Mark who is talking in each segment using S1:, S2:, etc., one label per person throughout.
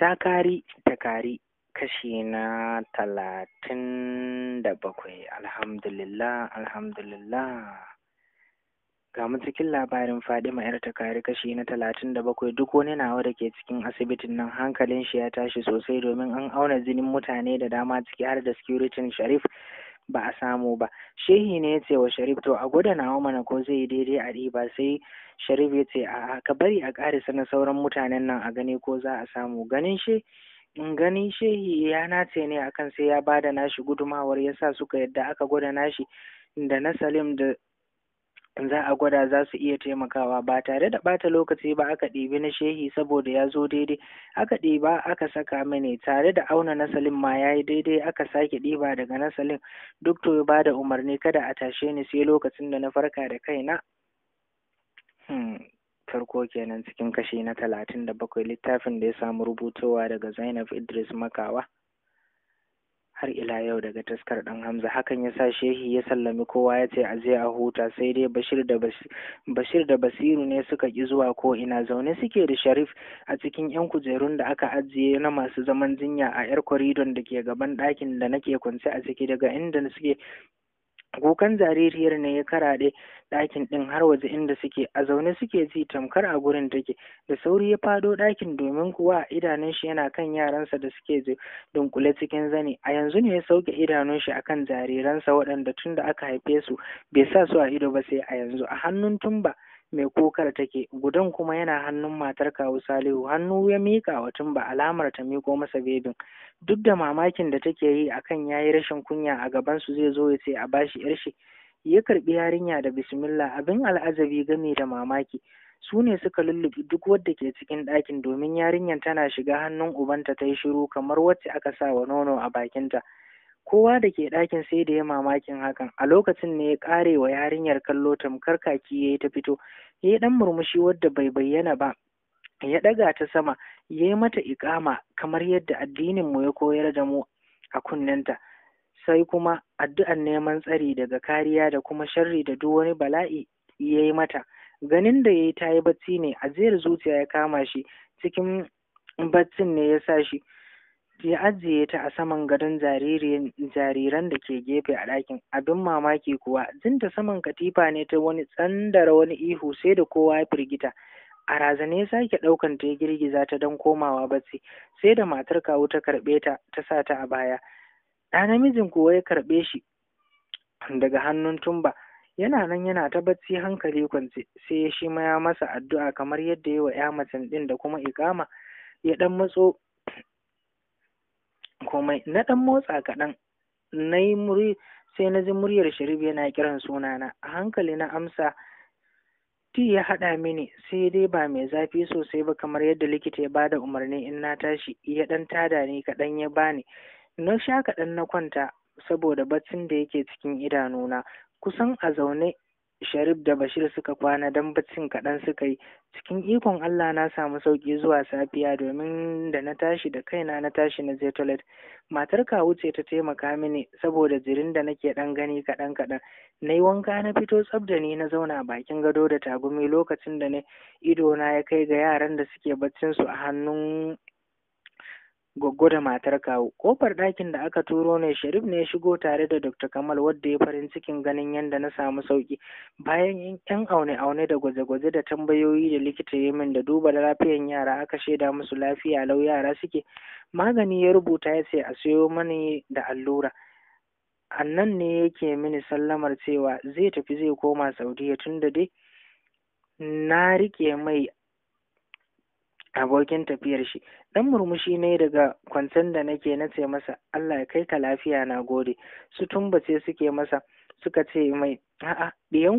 S1: takari takari kashi na talatin da bakwai alhamdulillah alhamdulillah ga cikin labarin fadima yar takari kashi na talatin da bakwai duk wani nawa da ke cikin asibitin nan hankalin shi ya tashi sosai domin an auna jinin mutane da dama ciki har da securitin sharif ba a samu ba shehi ne ya ce wa sharif to a gwada nawa mana ko zai yi daidai a ɗiba sai sharif ya ce a ka bari a ƙarisa na sauran mutanen nan a gani ko za a samu ganin shi in ganin shehi ya nace ne akan sai ya bada nashi gudumawar sa suka yadda aka gwada nashi da na salim da za a gwada za su iya taimakawa ba tare da bata lokaci ba aka ɗibi na shehi saboda ya zo daidai aka ɗiba aka saka mini tare da auna nasalin ma ya yi daidai aka sake ɗiba daga nasalin duk to ba da umarni kada a tashe ni sai lokacin da na farka da kai na. Hmm, farko kenan cikin kashi na talatin da bakwai littafin da ya samu rubutowa daga zainab idris makawa har ila yau daga taskar ɗan hamza hakan ya sa shehi ya sallami kowa ya ce a je a huta sai dai bashir da basiru ne suka ki zuwa ko ina zaune suke da sharif a cikin yan kujerun da aka ajiye na masu zaman jinya a yar koridon da ke gaban ɗakin da nake kwance a ciki daga inda suke kukan jaririyar ne ya karaɗe ɗakin ɗin har waje inda suke a zaune suke ji tamkar a gurin take da sauri ya fado ɗakin domin kuwa idanun shi yana kan yaransa da suke dunkule cikin zani a yanzu ne ya sauke idanun shi akan jariransa waɗanda tun da aka haife su bai sa su a ido ba sai a yanzu a hannun tumba mai kokar take gudan kuma yana hannun matar kawu salihu hannu ya miƙa wa tumba alamar ta miƙo masa bebin duk da mamakin da take yi akan yayi rashin kunya a gaban su zai zo ya ce a bashi yar shi ya karbi yarinya da bismillah abin al'ajabi game da mamaki su ne suka lullubi duk wadda ke cikin ɗakin domin yarinyar tana shiga hannun ubanta ta yi shiru kamar wacce aka sa wa nono a bakinta. kowa da ke ɗakin sai da ya mamakin hakan a lokacin ne ya ƙare wa yarinyar kallo tamkar kaki ya yi ta fito ya yi ɗan murmushi wadda bai bayyana ba ya ɗaga ta sama ya yi mata iƙama kamar yadda addininmu ya koyar da mu a kunnenta sai kuma addu'ar neman tsari daga kariya da kuma sharri da duk wani bala'i ya yi mata ganin da ya yi ta yi bacci ne ajiyar zuciya ya kama shi cikin baccin ne ya sa shi ya ajiye ta a saman gadon jariran da ke gefe a ɗakin abin mamaki kuwa jinta saman katifa ne ta wani tsandara wani ihu sai da kowa ya firgita a razane ya sake ɗaukan ta ya girgiza ta don komawa bacci sai da matar kawu ta karɓe ta ta sa ta a baya ɗa namijin kuwa ya karɓe shi daga hannun tumba yana nan yana ta bacci hankali kwance sai shi ma ya masa addu'a kamar yadda ya wa ya macen ɗin da kuma ikama ya ɗan matso komai na ɗan motsa kaɗan na yi muri sai na ji muryar sharif yana kiran sunana a hankali na amsa ti ya haɗa mini sai dai ba mai zafi sosai ba kamar yadda likita ya bada umarni in na tashi ya ɗan tada ni kaɗan ya bani na sha kaɗan na kwanta saboda baccin da yake cikin idanuna kusan a zaune Sharif da Bashir suka kwana don baccin kaɗan suka yi. Cikin ikon Allah na samu sauƙi zuwa safiya domin da na tashi da kaina na tashi na je toilet. Matar kawu ce ta taimaka mini saboda jirin da nake ɗan gani kaɗan kaɗan. Na yi wanka na fito tsab da ni na zauna bakin gado da tagumi lokacin da na Idona ya kai ga yaran da suke baccin su a hannun Goggo da matar kawu. Kofar ɗakin da aka turo ne Sharif ne ya shigo tare da Dr. Kamal wadda ya farin cikin ganin yadda na samu sauki. Bayan yan aune-aune da gwaje-gwaje da tambayoyi da likita ya min da duba lafiyan yara aka shaida musu lafiya lau yara suke. Magani ya rubuta ya ce a siyo mani da allura. A nan ne yake mini sallamar cewa zai tafi zai koma Saudiya tun da dai na riƙe mai abokin tafiyar shi dan murmushi ne daga kwancen da nake na ce masa Allah ya kai ka lafiya na gode su tumbace suke masa suka ce mai a'a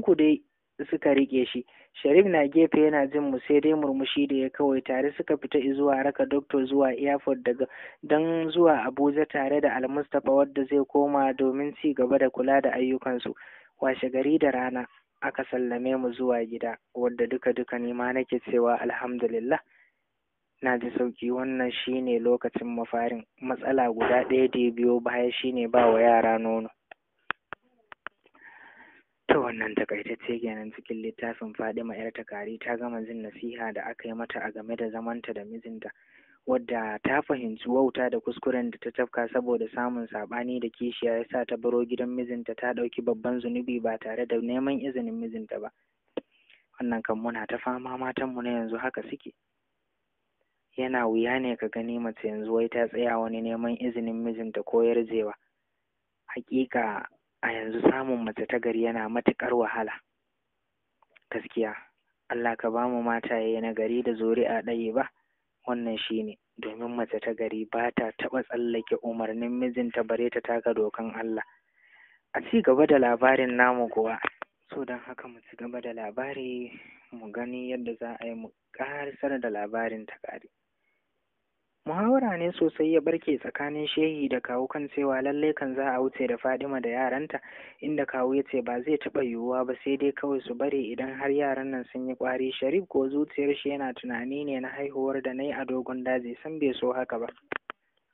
S1: ku dai suka rike shi sharif na gefe yana jin mu sai dai murmushi da ya kawai tare suka fita zuwa raka doctor zuwa airport daga dan zuwa abuja tare da almustapha wadda zai koma domin ci gaba da kula da ayyukansu washe gari da rana aka sallame mu zuwa gida wadda duka duka ne ma nake cewa alhamdulillah na ji sauki wannan shine lokacin mafarin matsala guda ɗaya da ya biyo baya shine ba wa yara nono ta wannan takaitacce kenan cikin littafin fadima yar takari ta gama jin nasiha da aka yi mata a game da zamanta da mijinta wadda ta fahimci wauta da kuskuren da ta tafka saboda samun saɓani da kishiya ya sa ta baro gidan mijinta ta ɗauki babban zunubi ba tare da neman izinin mijinta ba wannan kan muna ta fama matanmu na yanzu haka suke yana wuya ne ka gani mace yanzu wai ta tsaya wani neman izinin mijinta ko yarjewa hakika a yanzu samun mace ta gari yana matuƙar wahala gaskiya Allah ka bamu mu mataye na gari da zuri'a ɗaya ba wannan shi ne, domin mace ta gari ba ta taɓa tsallake umarnin mijinta bare ta taka dokan Allah a ci gaba da labarin namu kuwa so don haka mu ci gaba da labari mu gani yadda za a yi mu ƙarisar da labarin ta ƙare muhawara ne sosai ya barke tsakanin shehi da kawu kan cewa lallai kan za a wuce da fadima da yaranta inda kawu ya ce ba zai taɓa yiwuwa ba sai dai kawai su bari idan har yaran nan sun yi ƙwari sharif ko zuciyar shi yana tunani ne na haihuwar da na yi a dogon daji san bai so haka ba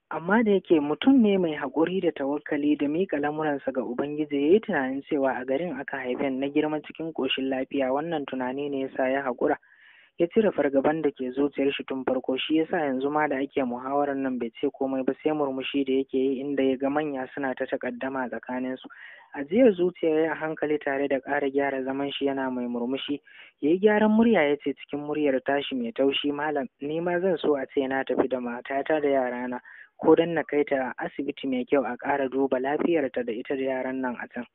S1: amma da yake mutum ne mai haƙuri da tawakkali da miƙa lamuransa ga ubangiji ya yi tunanin cewa a garin aka haifen na girma cikin koshin lafiya wannan tunani ne yasa ya haƙura ya cire fargaban da ke zuciyar shi tun farko shi yasa yanzu ma da ake muhawarar nan bai ce komai ba sai murmushi da yake yi inda ya ga manya suna ta takaddama tsakanin su ajiyar zuciya ya hankali tare da ƙara gyara zaman shi yana mai murmushi ya yi gyaran murya ya ce cikin muryar tashi mai taushi malam ni ma zan so a ce na tafi da matata da yarana ko don na kai ta asibiti mai kyau a ƙara duba lafiyarta da ita da yaran nan a can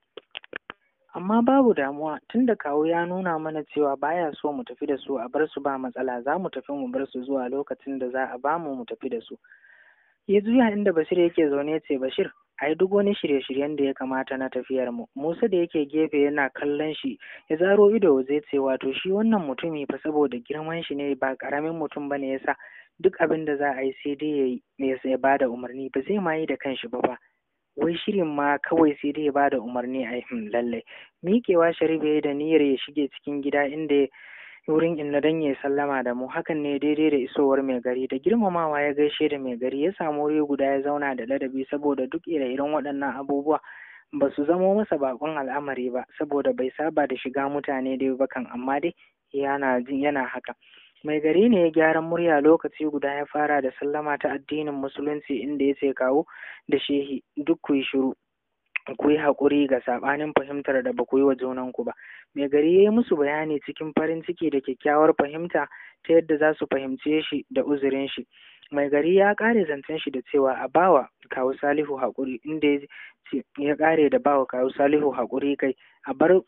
S1: amma babu damuwa tunda kawo ya nuna mana cewa baya so mu tafi da su a bar su ba matsala za mu tafi mu bar su zuwa lokacin da za a ba mu mu tafi da su ya juya inda Bashir yake zaune ce Bashir ai duk wani shirye-shiryen da ya kamata na tafiyar mu Musa da yake gefe yana kallon shi ya zaro ido zai ce wato shi wannan mutumi fa saboda girman shi ne ba karamin mutum ba bane yasa duk abin da za a yi sai dai ya bada umarni ba zai ma yi da kanshi ba ba wai shirin ma kawai sai dai ba da umarni a yi hmm, lallai miƙewa sharif ya da niyyar ya shige cikin gida inda wurin inna don ya sallama da mu hakan ne daidai da isowar mai gari da girmamawa ya gaishe da mai gari ya samu wuri guda ya zauna da ladabi saboda duk ire-iren waɗannan abubuwa ba su zamo masa baƙon al'amari ba saboda bai saba da shiga mutane dai ba kan amma dai yana yana haka mai gari ne ya gyaran murya lokaci guda ya fara da sallama ta addinin musulunci inda ya ce kawo da shehi duk ku yi shiru ku yi haƙuri ga saɓanin fahimtar da ba ku yi wa junanku ba mai gari ya yi musu bayani cikin farin ciki da kyakkyawar fahimta ta yadda za su fahimce shi da uzurin shi mai gari ya ƙare zancen shi da cewa a bawa kawu salihu haƙuri inda ya ƙare da bawa kawu salihu haƙuri kai a bar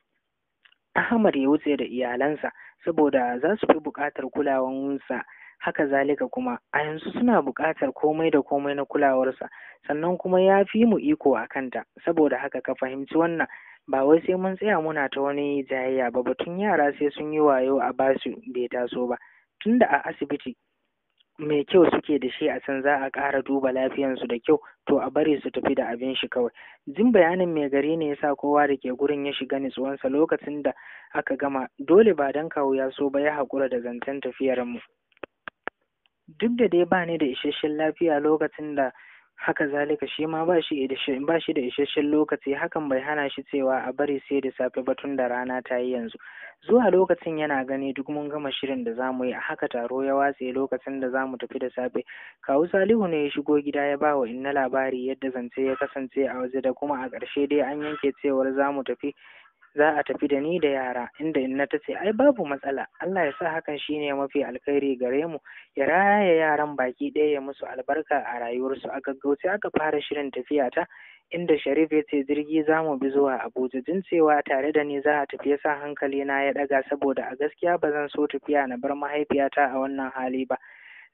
S1: Ahmad ya wuce da iyalansa saboda za su fi buƙatar kulawansa haka zalika kuma a yanzu suna buƙatar komai da komai na kulawarsa sannan kuma ya fi mu iko a kanta saboda haka ka fahimci wannan ba wai sai mun tsaya muna ta wani jayayya ba batun yara sai sun yi wayo a basu bai taso ba tunda a asibiti mai kyau suke da shi a can za a ƙara duba lafiyansu da kyau to a bari su tafi da abin shi kawai jin bayanin mai gari ne yasa kowa da ke gurin ya shiga nitsuwansa lokacin da aka gama dole ba dan kawo ya so ba ya haƙura da zancen tafiyar mu duk da dai ba ni da isasshen lafiya lokacin da haka zalika shi ma ba shi da isasshen lokaci hakan bai hana shi cewa a bari sai da safe ba tun da rana ta yi yanzu zuwa lokacin yana gani duk mun gama shirin da za mu yi a haka taro ya watse lokacin da za mu tafi da safe kawu salihu ne ya shigo gida ya ba wa inna labari yadda zance ya kasance a waje da kuma a ƙarshe dai an yanke cewar zamu tafi za a tafi da ni da yara inda inna ta ce ai babu matsala Allah ya sa hakan shine mafi alkhairi gare mu ya raya yaran baki ɗaya ya musu albarka a rayuwarsu a gaggauce aka fara shirin tafiya ta inda Sharif ya ce jirgi za mu bi zuwa Abuja jin cewa tare da ni za a tafi ya sa hankali na ya ɗaga saboda a gaskiya ba zan so tafiya na bar mahaifiyata a wannan hali ba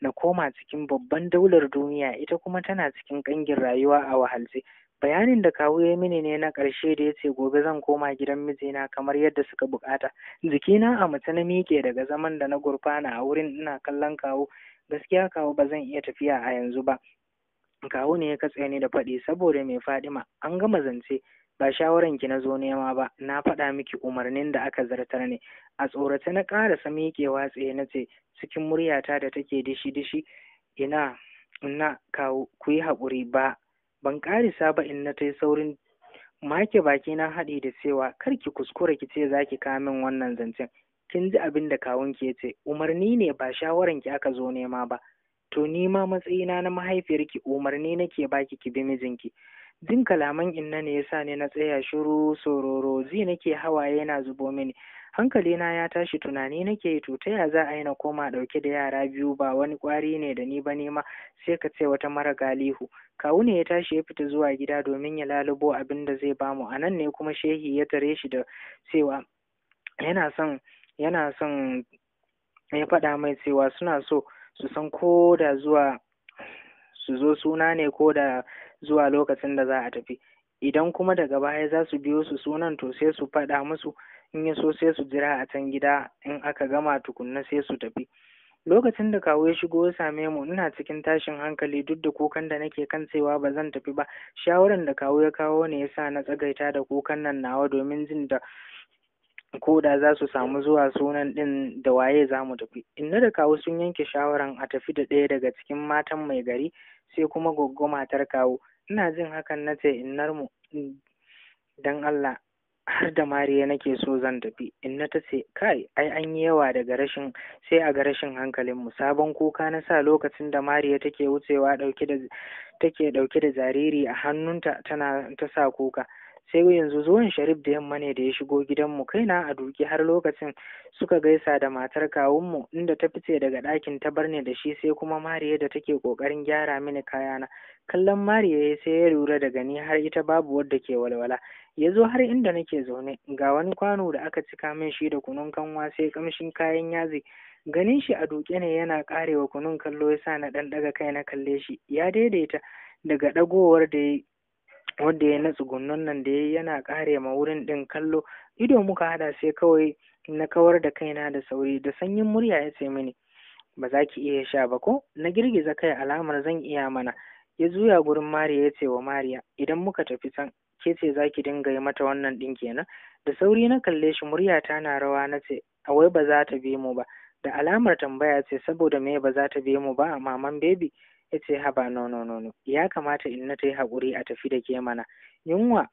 S1: na koma cikin babban daular duniya ita kuma tana cikin ƙangin rayuwa a wahalce bayanin da kawu ya mini ne na ƙarshe da ya ce gobe zan koma gidan mijina kamar yadda suka bukata jikina a mace na miƙe daga zaman da na gurfana a wurin ina kallon kawu gaskiya kawu ba zan iya tafiya a yanzu ba kawu ne ya katse ni da faɗi saboda mai fadima an gama zance ba shawaran ki na zo nema ba na faɗa miki umarnin da aka zartar ne a tsorace na ƙarasa miƙewa tsaye na ce cikin muryata da take dishi dishi ina ina kawu ku yi haƙuri ba ban ƙarisa ba in ta yi saurin make baki na haɗi da cewa kar ki kuskura ki ce zaki kamin wannan zancen kin ji abin da kawun ki ce. umarni ne ba shawaran ki aka zo nema ba to ni ma matsayina na mahaifiyarki umarni nake baki ki bi mijinki jin kalaman inna ne yasa ne na tsaya shiru sororo zi nake hawaye yana zubo mini Hankali na ya tashi tunani nake yi to ta ya za a yi na koma ɗauke da yara biyu ba wani ƙwari ne da ni ba nema sai ka ce wata mara galihu kawu ne ya tashi ya fita zuwa gida domin ya lalubo abin da zai bamu a nan ne kuma shehi ya tare shi da cewa yana son yana son ya faɗa mai cewa suna so su san ko da zuwa su zo suna ne ko da zuwa lokacin da za a tafi idan kuma daga baya za su biyo su sunan to sai su faɗa musu in ya so sai su jira a can gida in aka gama tukunna sai su tafi lokacin da kawo ya shigo ya same mu ina cikin tashin hankali duk da kukan da nake kan cewa ba zan tafi ba shawaran da kawo ya kawo ne yasa na tsagaita da kukan nan nawa domin jin da ko da za su samu zuwa sunan din da waye za mu tafi inna da kawo sun yanke shawaran a tafi da ɗaya daga cikin matan mai gari sai kuma goggo matar kawo ina jin hakan na ce innar mu mm, dan Allah har da mariya nake so zan tafi inna ta ce kai ai an yi yawa daga rashin sai a ga rashin mu sabon kuka na sa lokacin da mariya take wucewa dauke da take ɗauke da jariri a hannunta tana ta sa kuka sai yanzu zuwan sharif da yamma ne da ya shigo gidanmu kaina a duki har lokacin suka gaisa da matar kawunmu inda ta fice daga ɗakin ta bar ne da shi sai kuma mariya da take ƙoƙarin gyara mini kayana kallon mariya sai ya lura da gani har ita babu wadda ke walwala ya zo har inda nake zaune ga wani kwano da aka cika min shi da kunun kanwa sai kamshin kayan yazi ganin shi a duke ne yana karewa kunun kallo ya sa na ɗan ɗaga kai na kalle shi ya daidaita daga ɗagowar da ya wanda ya na tsugunnan nan da yayi yana kare ma wurin ɗin kallo ido muka hada sai kawai na kawar da kaina da sauri da sanyin murya ya ce mini ba za ki iya sha ba ko na girgiza kai alamar zan iya mana ya zuya gurin mariya ya ce wa mariya idan muka tafi can ke ce za ki dinga yi mata wannan ɗin kenan da sauri na kalle shi murya ta na rawa na ce awai ba za ta bi mu ba da alamar tambaya ce saboda me ba za ta bi mu ba maman bebi ya ce haba no no no no ya kamata in na yi hakuri a tafi da ke mana yunwa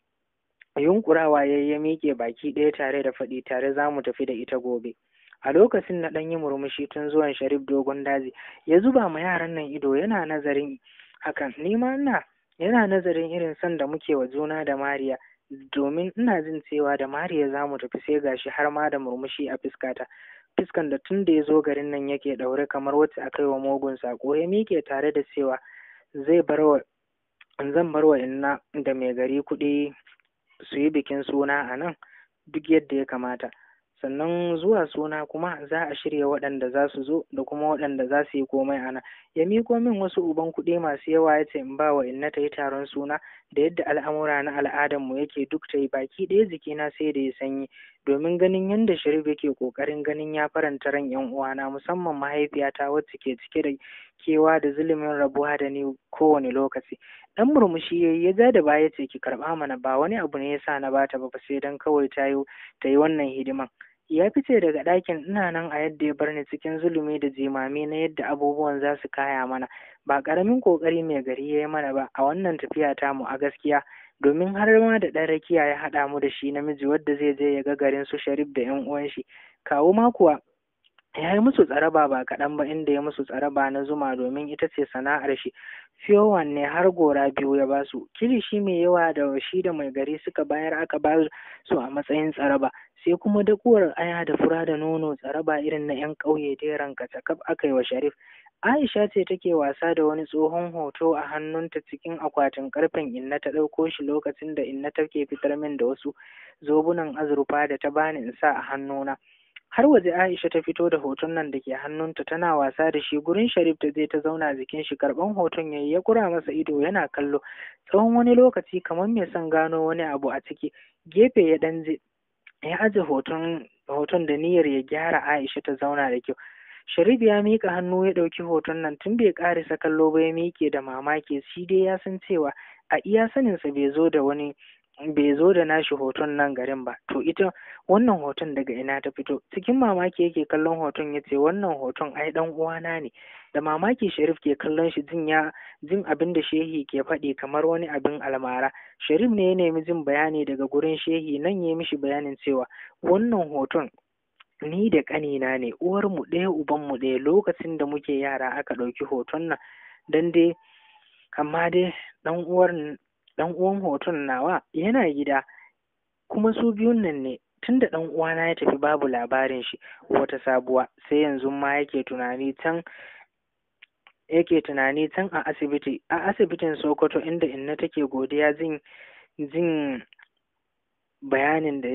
S1: yunkurawa ya ya miƙe baki ɗaya tare da faɗi tare za mu tafi da ita gobe a lokacin na ɗanyi murmushi tun zuwan sharif dogon daji ya zuba ma yaran nan ido yana nazarin hakan nima ina yana nazarin irin son da muke wa juna da mariya domin ina jin cewa da mariya za mu tafi sai gashi har ma da murmushi a fuskata fiskan da tun da ya zo garin nan yake ɗaure kamar wacce aka yi wa mugun sako ya miƙe tare da cewa zai bar wa zan bar wa inna da mai gari kuɗi su yi bikin suna a nan duk yadda ya kamata sannan zuwa suna kuma za a shirya waɗanda za su zo da kuma waɗanda za su yi komai ana ya miko min wasu uban kuɗi masu yawa ya ce in ba wa inna ta yi taron suna da yadda al'amura na mu yake duk ta yi baki ɗaya jiki na sai da ya sanyi domin ganin yadda shirif yake ƙoƙarin ganin ya faranta ran yan uwana musamman mahaifiyata wacce ke cike da kewa da zulumin rabuwa da ni kowane lokaci dan murmushi ya yi ya ja da baya ce ki karɓa mana ba wani abu ne ya sa na bata ba sai dan kawai ta yi ta yi wannan hidiman Ya fice daga ɗakin ina nan a yadda ya bar ni cikin zulumi da jimami na yadda abubuwan za su kaya mana. Ba ƙaramin ƙoƙari mai gari ya yi mana ba a wannan tafiya ta mu a gaskiya. domin har ma da ɗan rakiya ya haɗa mu da shi namiji wadda zai je ya ga garin su sharif da yan uwan shi kawo ma kuwa ya yi musu tsaraba ba kaɗan ba inda ya musu tsaraba na zuma domin ita ce sana'ar shi fiyowan ne har gora biyu ya ba su kilishi mai yawa da shi da mai gari suka bayar aka ba su a matsayin tsaraba sai kuma dakuwar aya da fura da nono tsaraba irin na yan ƙauye da ranka kaf aka yi wa sharif aisha ce take wasa da wani tsohon hoto a hannunta cikin akwatin karfen inna ta ɗauko shi lokacin da inna take fitar min da wasu zobunan azurfa da ta bani in sa a hannuna. har waje Aisha ta fito da hoton nan da ke hannunta tana wasa da shi gurin Sharif ta je ta zauna jikin shi karban hoton yayi ya kura masa ido yana kallo tsawon wani lokaci kamar mai son gano wani abu a ciki gefe ya dan je ya aje hoton hoton da niyyar ya gyara Aisha ta zauna da kyau Sharif ya mika hannu ya ɗauki hoton nan tun bai ƙarisa kallo ba ya miƙe da mamaki shi dai ya san cewa a iya saninsa bai zo da wani bai zo da nashi hoton nan garin ba to ita wannan hoton daga ina ta fito cikin mamaki yake kallon hoton ya ce wannan hoton ai dan uwana ne da mamaki sharif ke kallon shi jin ya jin abin da shehi ke faɗi kamar wani abin almara sharif ne ya nemi jin bayani daga gurin shehi nan ya mishi bayanin cewa wannan hoton ni da ƙanina ne uwarmu ɗaya ubanmu ɗaya lokacin da muke yara aka ɗauki hoton nan dan dai amma dai dan uwar ɗan uwan hoton nawa yana gida kuma su biyun nan ne tunda ɗan uwana ya tafi babu labarin shi wata sabuwa sai yanzu ma yake tunani can yake tunani can a asibiti a asibitin sokoto inda inna take godiya jin jin bayanin da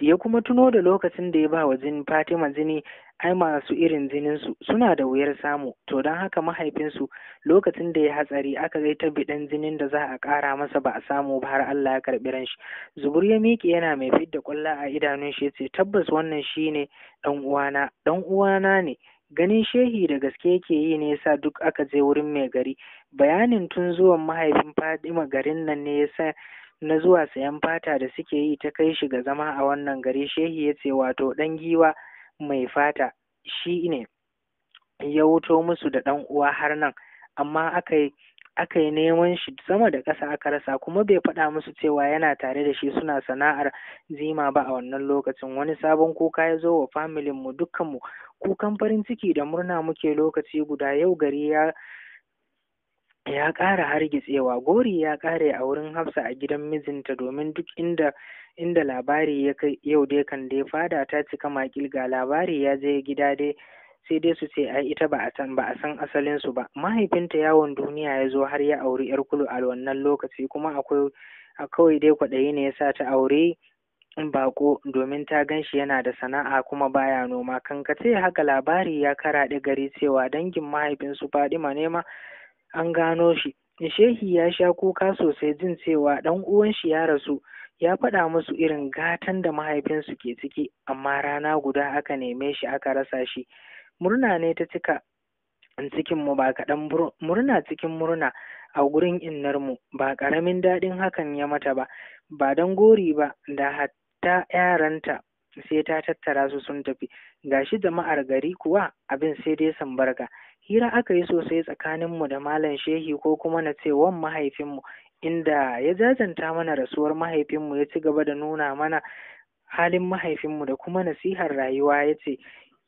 S1: ya kuma tuno da lokacin da ya ba wa jini Fatima jini ai masu irin jininsu suna da wuyar samu to don haka mahaifinsu lokacin da ya hatsari aka zai ta bidan jinin da za a kara masa ba a samu ba har Allah ya karbi ran shi zubur ya miƙe yana mai fidda ƙwalla a idanun shi yace tabbas wannan shine dan uwana dan uwana ne ganin shehi da gaske yake yi ne yasa duk aka je wurin mai gari bayanin tun zuwan mahaifin Fatima garin nan ne yasa na zuwa sayan fata da suke yi ta kai shi ga zama a wannan gari shehi ya ce wato ɗan giwa mai fata shi ne ya wuto musu da ɗan uwa har nan amma aka yi neman shi sama da ƙasa aka rasa kuma bai faɗa musu cewa yana tare da shi suna sana'ar zima ba a wannan lokacin wani sabon kuka ya zo wa familin mu dukkan kukan farin ciki da murna muke lokaci guda yau gari ya ya ƙara hargitsewa gori ya ƙare a wurin hafsa a gidan mijinta domin duk inda inda labari ya kai yau dai kan dai fada ta cika makil labari ya je gida dai sai dai su ce ai ita ba a san ba a san asalin su ba mahaifinta yawon duniya ya zo har ya auri yar kulu a wannan lokaci kuma akwai a kawai dai kwaɗayi ne ya sa ta aure bako domin ta gan shi yana da sana'a kuma baya noma kankace haka labari ya karaɗe gari cewa dangin mahaifinsu Fadima ne ma an gano shi shehi ya sha kuka sosai jin cewa ɗan uwan shi ya rasu ya faɗa musu irin gatan da mahaifinsu ke ciki amma rana guda aka neme shi aka rasa shi murna ne ta cika cikin mu ba kaɗan murna cikin murna a gurin innar mu ba ƙaramin daɗin hakan ya mata ba ba don gori ba da hatta yaranta sai ta tattara su sun tafi Ga shi jama'ar gari kuwa abin sai dai sambarka hira aka yi sosai tsakaninmu da malam shehi ko kuma na ce wan mahaifinmu inda ya jajanta mana rasuwar mahaifinmu ya ci gaba da nuna mana halin mahaifinmu da kuma nasihar rayuwa ya ce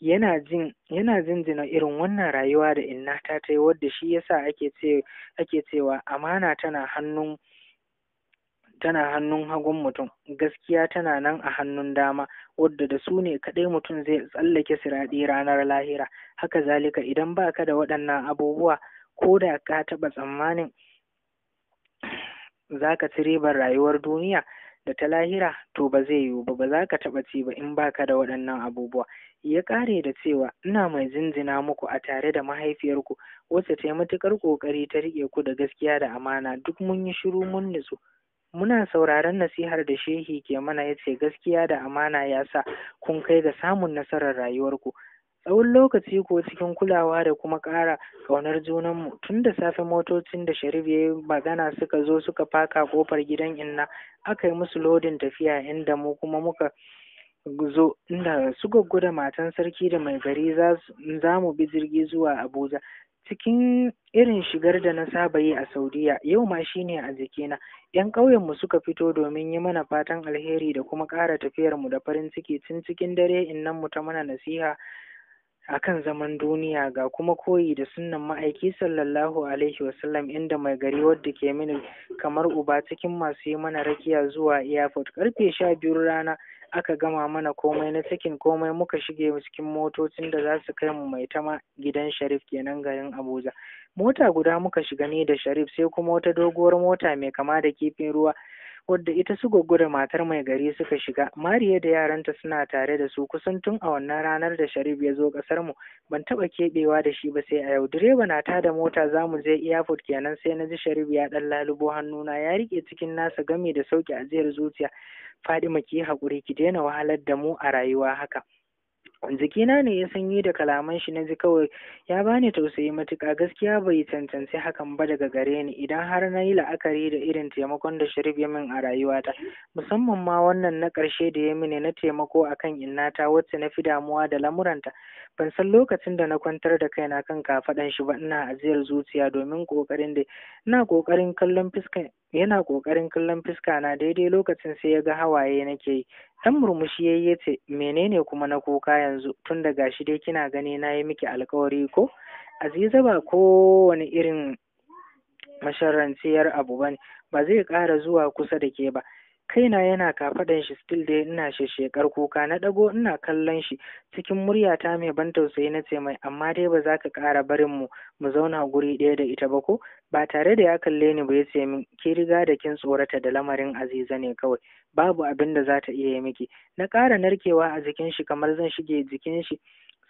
S1: yana jin yana jinjina irin wannan rayuwa da inna ta ta yi wadda shi yasa ake ake cewa amana tana hannun tana hannun hagun mutum gaskiya tana nan a hannun dama wadda da su ne kaɗai mutum zai tsallake siraɗi ranar lahira haka zalika idan ba ka da waɗannan abubuwa ko da ka taɓa tsammanin za ka ci ribar rayuwar duniya da ta lahira to ba zai yiwu ba ba za ka taɓa ci ba in ba ka da waɗannan abubuwa ya ƙare da cewa ina mai zinzina muku a tare da mahaifiyarku wacce ta yi ƙoƙari ta riƙe ku da gaskiya da amana duk mun yi shiru mun nutsu muna sauraron nasihar da shehi ke mana ya ce gaskiya da amana ya sa kun kai ga samun nasarar rayuwarku tsawon lokaci ko cikin kulawa da kuma ƙara ƙaunar junanmu tun da safe motocin da sharif ya yi magana suka zo suka faka kofar gidan inna aka yi musu lodin tafiya inda mu kuma muka zo inda su da matan sarki da mai gari za mu bi jirgi zuwa abuja cikin irin shigar da na saba yi a Saudiya yau ma shine a jikina yan ƙauyen mu suka fito domin yi mana fatan alheri da kuma ƙara tafiyar mu da farin ciki tun cikin dare innan mu ta mana nasiha akan zaman duniya ga kuma koyi da sunnan ma'aiki sallallahu alaihi wasallam inda mai gari wadda ke mini kamar uba cikin masu yi mana rakiya zuwa airport karfe sha biyun rana aka gama mana komai na cikin komai muka shige cikin motocin da za su kai mu mai tama gidan sharif kenan garin abuja mota guda muka shiga ni da sharif sai kuma wata doguwar mota mai kama da kifin ruwa wadda ita su goggo matar mai gari suka shiga mariya da yaranta suna tare da su kusan tun a wannan ranar da sharif ya zo kasar mu ban taba keɓewa da shi ba sai a yau direba na ta da mota za mu je airport kenan sai na ji sharif ya dan lalubo hannuna ya rike cikin nasa gami da sauki ajiyar zuciya fadima ki hakuri, ki daina wahalar da mu a rayuwa haka jikina ne ya sanyi da kalaman shi na ji kawai ya bani tausayi matuƙa gaskiya bai cancanci hakan ba daga gare ni idan har na yi la'akari da irin taimakon da sharif ya min a rayuwata musamman ma wannan na ƙarshe da ya mini na taimako akan innata wacce na fi damuwa da lamuranta Ban san lokacin da na kwantar da kaina kan kafaɗan shi ba ina ajiyar zuciya domin ƙoƙarin da ina ƙoƙarin kallon fuska yana ƙoƙarin kallon fuska na daidai lokacin sai ya ga hawaye nake yi. Dan murmushi yayi yace menene kuma na kuka yanzu tun da gashi dai kina gani na yi miki alkawari ko? Aziza ba kowane irin masharranciyar abu bane ba zai ƙara zuwa kusa da ke ba kaina yana kafaɗan shi still dai ina shekar kuka na ɗago ina kallon shi cikin muryata mai ban tausayi na ce mai amma dai ba za ka ƙara barin mu mu zauna guri ɗaya da ita ba ko ba tare da ya kalle ni ba ya ce min ki riga da kin tsorata da lamarin aziza ne kawai babu abin da za ta iya yi miki na ƙara narkewa a jikin shi kamar zan shige jikin shi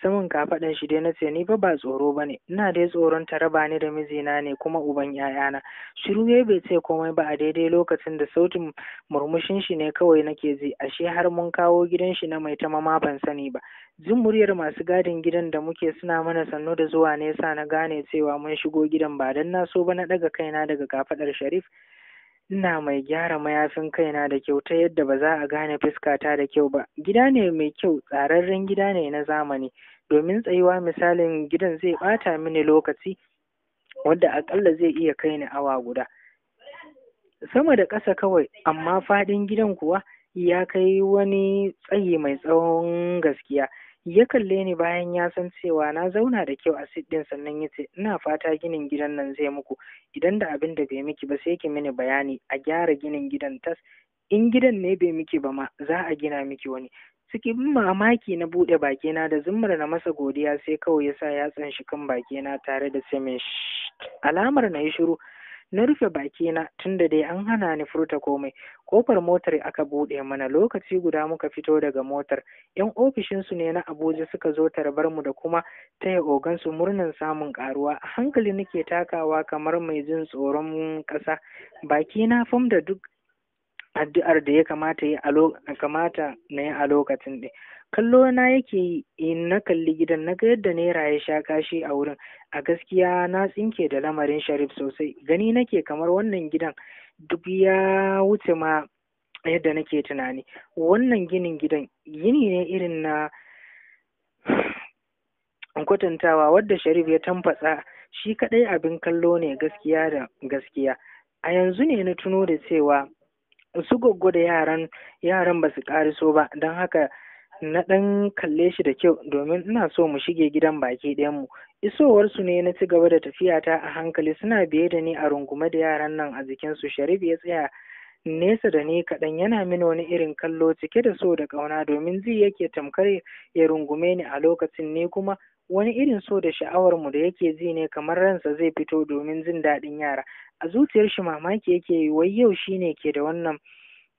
S1: saman kafaɗan shi dai na ce ni fa ba tsoro ba ne ina dai tsoron taraba raba ni da mijina ne kuma uban 'ya'yana. shiru ya bai ce komai ba a daidai lokacin da sautin murmushin shi ne kawai nake ji ashe har mun kawo gidan shi na mai ta mama ban sani ba jin muryar masu gadin gidan da muke suna mana sannu da zuwa nesa na gane cewa mun shigo gidan ba dan na so ba na ɗaga kaina daga kafaɗar sharif ina mai gyara mayafin kaina da kyau ta yadda ba za a gane fuskata da kyau ba gida ne mai kyau tsararren gida ne na zamani domin tsayuwa misalin gidan zai ɓata mini lokaci wadda aƙalla zai iya kai ni awa guda sama da ƙasa kawai amma faɗin gidan kuwa ya kai wani tsayi mai tsawon gaskiya ya kalle ni bayan ya san cewa na zauna da kyau a sit sannan ya ce ina fata ginin gidan nan zai muku idan da abin da bai miki ba sai ki mini bayani a gyara ginin gidan tas in gidan ne bai miki ba ma za a gina miki wani cikin mamaki na buɗe bakina da zummar na masa godiya sai kawai ya sa yatsan shi kan bakina tare da samin alamar na yi shiru na rufe bakina tunda dai an hana ni furta komai kofar motar aka buɗe mana lokaci guda muka fito daga motar yan ofishinsu ne na abuja suka zo tarbar mu da kuma taya ogansu murnan samun karuwa a hankali nake takawa kamar mai jin tsoron ƙasa bakina fam da duk addu'ar da ya kamata ya kamata na yi a lokacin ɗin kallo na yake yi in na kalli gidan na ga yadda naira ya sha kashi a wurin a gaskiya na tsinke da lamarin sharif sosai gani nake kamar wannan gidan duk ya wuce ma yadda nake tunani wannan ginin gidan gini ne irin na kwatantawa wadda sharif ya tamfasa. shi kadai abin kallo ne gaskiya da gaskiya a yanzu ne na tuno da cewa su goggo da yaran yaran ba su kariso ba don haka na ɗan kalle shi da kyau domin ina so mu shige gidan baki ɗayan ɗayanmu isowarsu ne na ci gaba da tafiyata a hankali suna biye da ni a rungume da yaran nan a jikinsu sharif ya tsaya nesa da ni kaɗan yana mini wani irin kallo cike da so da ƙauna domin zai yake tamkar ya rungume ni a lokacin ne kuma wani irin so da sha'awar mu da yake ji ne kamar ransa zai fito domin jin daɗin yara a zuciyar shi mamaki yake yi wai yau shine ke da wannan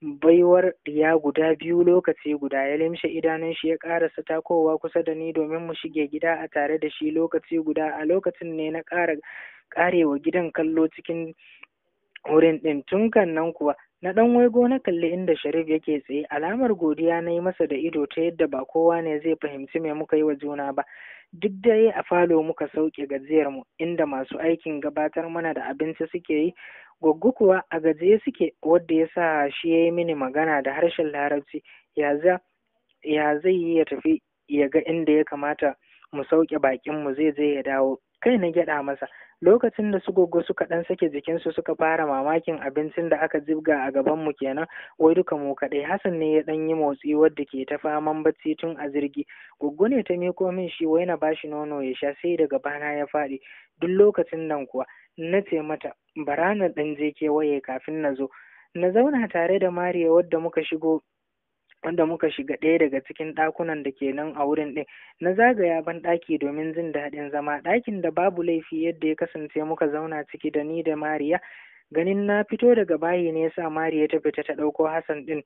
S1: baiwar ɗiya guda biyu lokaci guda ya limshe idanun shi ya ƙarasa takowa kusa da ni domin mu shige gida a tare da shi lokaci guda a lokacin ne na ƙara ƙarewa gidan kallo cikin wurin ɗin tun kan nan kuwa na ɗan waigo na kalli inda sharif yake tsaye alamar godiya na yi masa da ido ta yadda ba kowa ne zai fahimci me muka yi wa juna ba Duk dare a falo muka sauke gajiyarmu inda masu aikin gabatar mana da abinci suke yi, Goggo kuwa a gajiye suke wadda ya sa shi ya yi mini magana da harshen Larabci ya zai yi ya tafi ya ga inda ya kamata mu sauke baƙinmu zai je ya dawo kai na gyaɗa masa lokacin da su goggo suka ɗan sake jikinsu suka fara mamakin abincin da aka jibga a gabanmu kenan wai duka mu kaɗai hassan ne ya ɗan yi motsi wadda ke ta faman bacci tun a zirgi goggo ne ta miko min shi wai na bashi nono ya sha sai daga bana ya faɗi duk lokacin nan kuwa na ce mata bara na ɗan je kewaye kafin na zo na zauna tare da mariya wadda muka shigo wanda muka shiga ɗaya daga cikin ɗakunan da ke nan a wurin ɗin na zagaya ban ɗaki domin jin daɗin zama ɗakin da babu laifi yadda ya kasance muka zauna ciki da ni da mariya ganin na fito daga bayi ne yasa mariya ta fita ta ɗauko hassan ɗin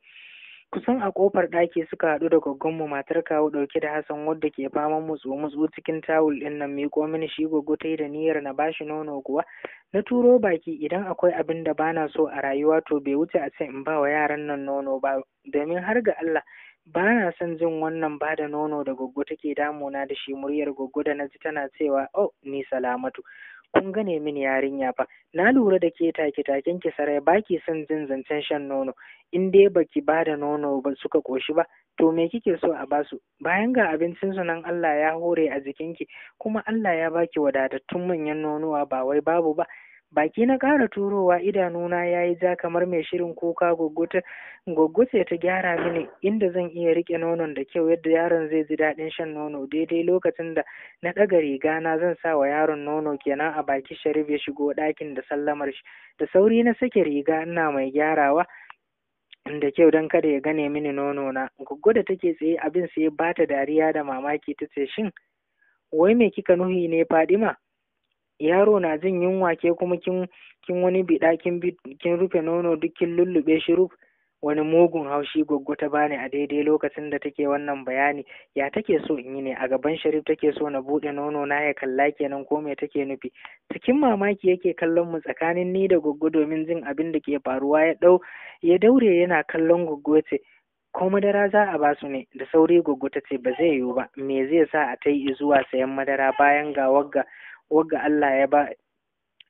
S1: kusan a kofar ɗaki suka haɗu da gwaggonmu matar kawu ɗauke da hassan wadda ke faman mutsu mutsu cikin tawul ɗin nan miƙo mini shi goggo ta yi da niyyar na ba shi nono kuwa na turo baki idan akwai abin da bana so a rayuwa to bai wuce a ce in ba wa yaran nan nono ba domin har ga Allah bana son jin wannan ba da nono da goggo take damuna da shi muryar goggo da na ji tana cewa oh ni salamatu kun gane mini yarinya fa na lura da ke take taken ki sarai baki son jin zancen shan nono in dai baki ba da nono ba suka koshi ba to me kike so a basu bayan ga abincin su nan Allah ya hore a jikinki kuma Allah ya baki wadatattun manyan nonuwa ba wai babu ba baki na ƙara turowa idanuna ya yi ja kamar mai shirin kuka gwaggwace ta gyara mini inda zan iya rike nonon da kyau yadda yaron zai ji daɗin shan nono daidai lokacin da na ɗaga riga na zan sa wa yaron nono kenan a baki sharif ya shigo ɗakin da sallamar shi da sauri na sake riga ina mai gyarawa da kyau don kada ya gane mini nono na goggo da take tsaye abin sai ba ta dariya da mamaki ta ce shin wai me kika nuhi ne fadima yaro na jin yunwa ke kuma kin kin wani biɗa kin rufe nono duk kin lullube shi ruf wani mugun haushi goggo ta bani a daidai lokacin da take wannan bayani ya take so in yi ne a gaban sharif take so na buɗe nono na ya kalla kenan ko me take nufi cikin mamaki yake kallon mu tsakanin ni da goggo domin jin abin da ke faruwa ya dau ya daure yana kallon goggo ce ko madara za a ba su ne da sauri goggo ta ce ba zai yiwu ba me zai sa a ta yi zuwa sayan madara bayan ga wagga wagga Allah ya ba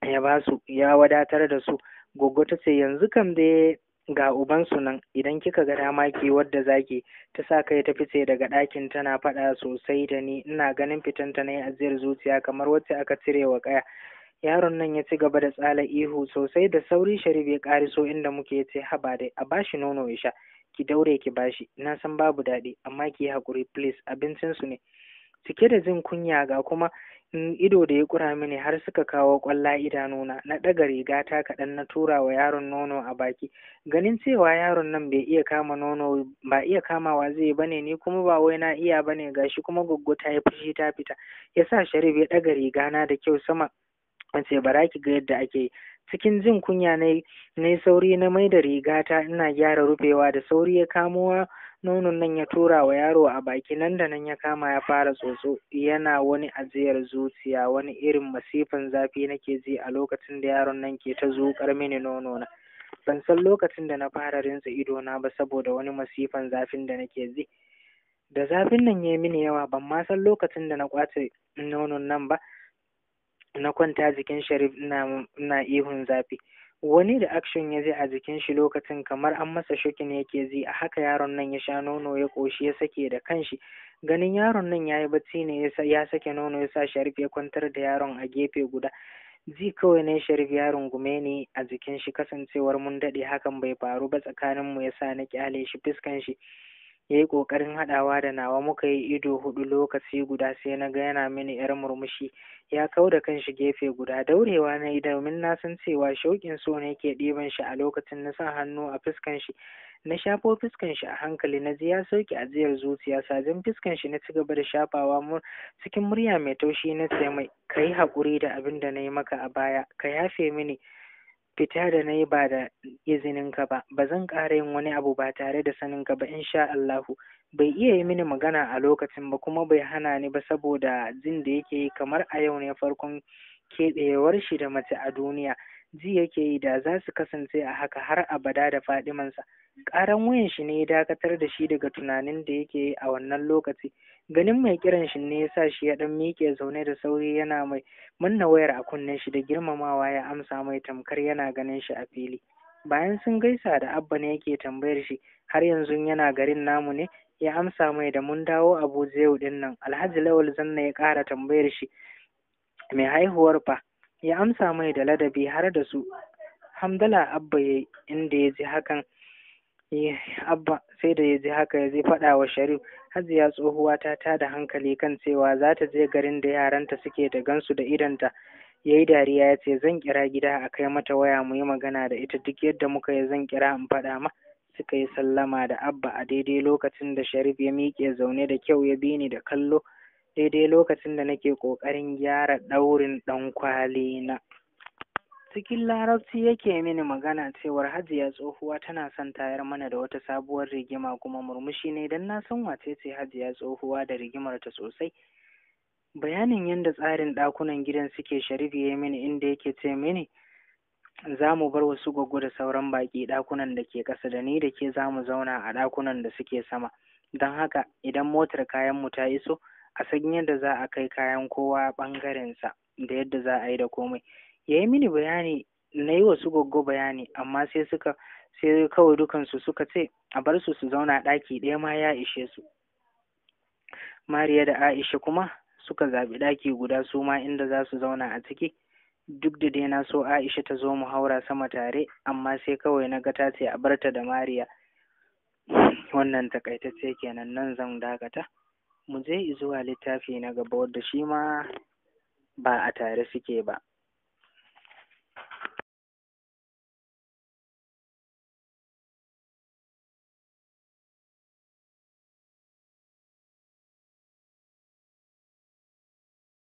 S1: ya ba su ya wadatar da su goggo ta ce yanzu kam dai ga ubansu nan idan kika ga dama ki wadda zaki ta sa kai ta fice daga ɗakin tana faɗa sosai da ni ina ganin fitan ta nayi ajiyar zuciya kamar wacce aka cire wa kaya yaron nan ya ci gaba da tsala ihu sosai da sauri sharif ya ƙariso inda muke ce haba dai a bashi nono ya sha ki daure ki bashi na san babu daɗi amma ki yi haƙuri please abincin su ne cike da jin kunya ga kuma ido da ya kura mini har suka kawo kwalla idanuna na ɗaga riga ta kaɗan na tura wa yaron nono a baki ganin cewa yaron nan bai iya kama nono ba iya kamawa zai bane ni kuma ba wai na iya bane gashi kuma goggo ta yi fushi ta fita yasa sharif ya ɗaga riga na da kyau sama mace bara ki ga yadda ake yi cikin jin kunya na sauri na mai da rigata ina gyara rufewa da sauri ya kamo nonon nan ya tura wa yaro a baki nan da nan ya kama ya fara tsotso yana wani ajiyar zuciya wani irin masifan zafi nake ji a lokacin da yaron nan ke ta zuƙar mini nono na ban san lokacin da na fara rintsa ido na ba saboda wani masifan zafin da nake ji da zafin nan ya mini yawa ban ma san lokacin da na kwace nonon nan ba na kwanta jikin sharif na ihun zafi wani da action ya zai a jikin shi lokacin kamar an masa shokin yake ji a haka yaron nan ya sha nono ya ƙoshi ya sake da kanshi ganin yaron nan ya yi bacci ne ya sake nono ya sa sharif ya kwantar da yaron a gefe guda ji kawai ne sharif yaron gume ne a jikin shi kasancewar mun daɗe hakan bai faru ba tsakaninmu ya sa na kyale shi Fiskan shi ya yi ƙoƙarin haɗawa da nawa muka yi ido hudu lokaci guda sai na ga yana mini yar murmushi ya kau da kanshi gefe guda daurewa na yi domin na san cewa shauƙin so ne ke ɗiban shi a lokacin na sa hannu a fuskan shi na shafo fuskan shi a hankali na ji ya sauki ajiyar zuciya sajin fuskan shi na ci gaba da shafawa mu cikin murya mai taushi na ce mai kai haƙuri da abin da na yi maka a baya ka yafe mini fita da na yi ba da izininka ba ba zan ƙara yin wani abu ba tare da saninka ba insha Allahu bai iya yi mini magana a lokacin ba kuma bai hana ni ba saboda jin da yake yi kamar a yau ne farkon keɓewar shi da mace a duniya ji yake yi da za su kasance a haka har abada da fadimansa ƙaran wayan shi ne ya dakatar da shi daga tunanin da yake yi a wannan lokaci ganin mai kiran shi ne ya shi ya ɗan miƙe zaune da sauri yana mai manna wayar a kunnen shi da girmamawa ya amsa mai tamkar yana ganin shi a fili bayan sun gaisa da abba ne yake tambayar shi har yanzu yana garin namu ne ya amsa mai da mun dawo abu zeu din nan alhaji lawal zanna ya ƙara tambayar shi mai haihuwar fa ya amsa mai da ladabi har da su hamdala abba ya inda ya ji hakan abba sai da ya ji haka ya zai faɗa wa sharif Hajiya tsohuwa ta tada hankali kan cewa za ta je garin da yaranta suke da gansu da idonta. Ya yi dariya ya ce, Zan kira gida a kai mata waya mu yi magana da ita duk yadda muka yi zan kira in faɗa ma. Suka yi sallama da Abba a daidai lokacin da Sharif ya miƙe zaune da kyau ya bi ni da kallo daidai lokacin da nake ƙoƙarin gyara ɗaurin ɗan na. cikin larabci yake mini magana cewar hajiya tsohuwa tana son tayar mana da wata sabuwar rigima kuma murmushi ne don na san wace ce hajiya tsohuwa da rigimar ta sosai bayanin yadda tsarin ɗakunan gidan suke sharif ya mini inda yake ce mini za mu bar wasu gwaggo da sauran baƙi ɗakunan da ke ƙasa da ni da ke za mu zauna a ɗakunan da suke sama don haka idan motar kayanmu ta iso a san yadda za a kai kayan kowa ɓangarensa da yadda za a yi da komai ya yi mini bayani na yi wasu goggo bayani amma sai suka sai kawai dukansu suka ce a bar su su zauna ɗaki ɗaya ma ya ishe su mariya da aisha kuma suka zaɓi ɗaki guda su ma inda za su zauna a ciki duk da dai na so aisha ta zo mu haura sama tare amma sai kawai na ga ta ce a barta da mariya wannan takaitacce kenan nan zan dakata mu je zuwa littafi na gaba wadda shi ma ba a tare suke ba